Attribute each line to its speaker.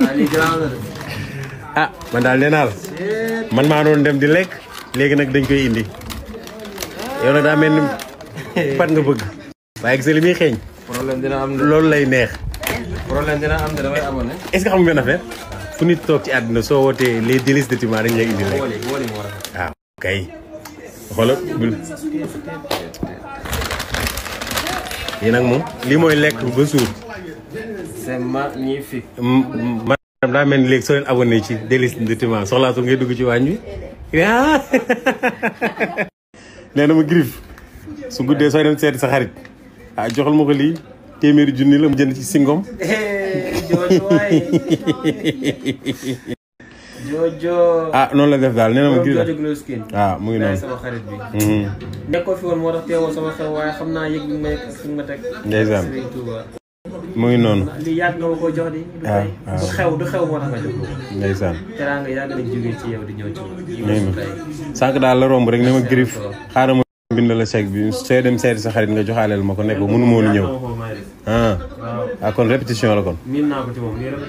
Speaker 1: ah man daal nee naa man maa doon dem di lekk léegi nag dañ koy indi yow nag daa mel ni pat nga bëgg. waaye gis li muy xeeñ. dina am loolu lay neex. problème dina am damay abonné. est-ce que xam nga na affaire fu nit toog ci àdduna soo wootee les délices de Tima dañ lay indi lekk. waaw ah, kay xoolal. lii nag moom lii mooy lekk ba suur. c'est magnifique. maanaam daa mel ni léegi soo leen abonné ci délice ndutiment soxlaatul ngay dugg ci waañ bi nee na ma Griff su guddee sooy dem seeti sa xarit ah joxal ma ko lii téeméeri junni la mu jënd ci singom Jojo. ah noonu la def daal nee na ma Griff ah, mu ngi noonu mm-hmm. nekkoo fi woon moo tax teewoo sama xew waaye xam naa yëg bi ma yëg ak ma teg. ndeysaan mu ngi noonu. li yàgg nga ma koo ah, ah. daal la romb rek ne ma Griff xaaral ma bind la chèque bi sooy dem sa xarit nga joxaaleel ma ko nekk mënu ma woon ñëw. Ah. ah kon répétition la kon. ko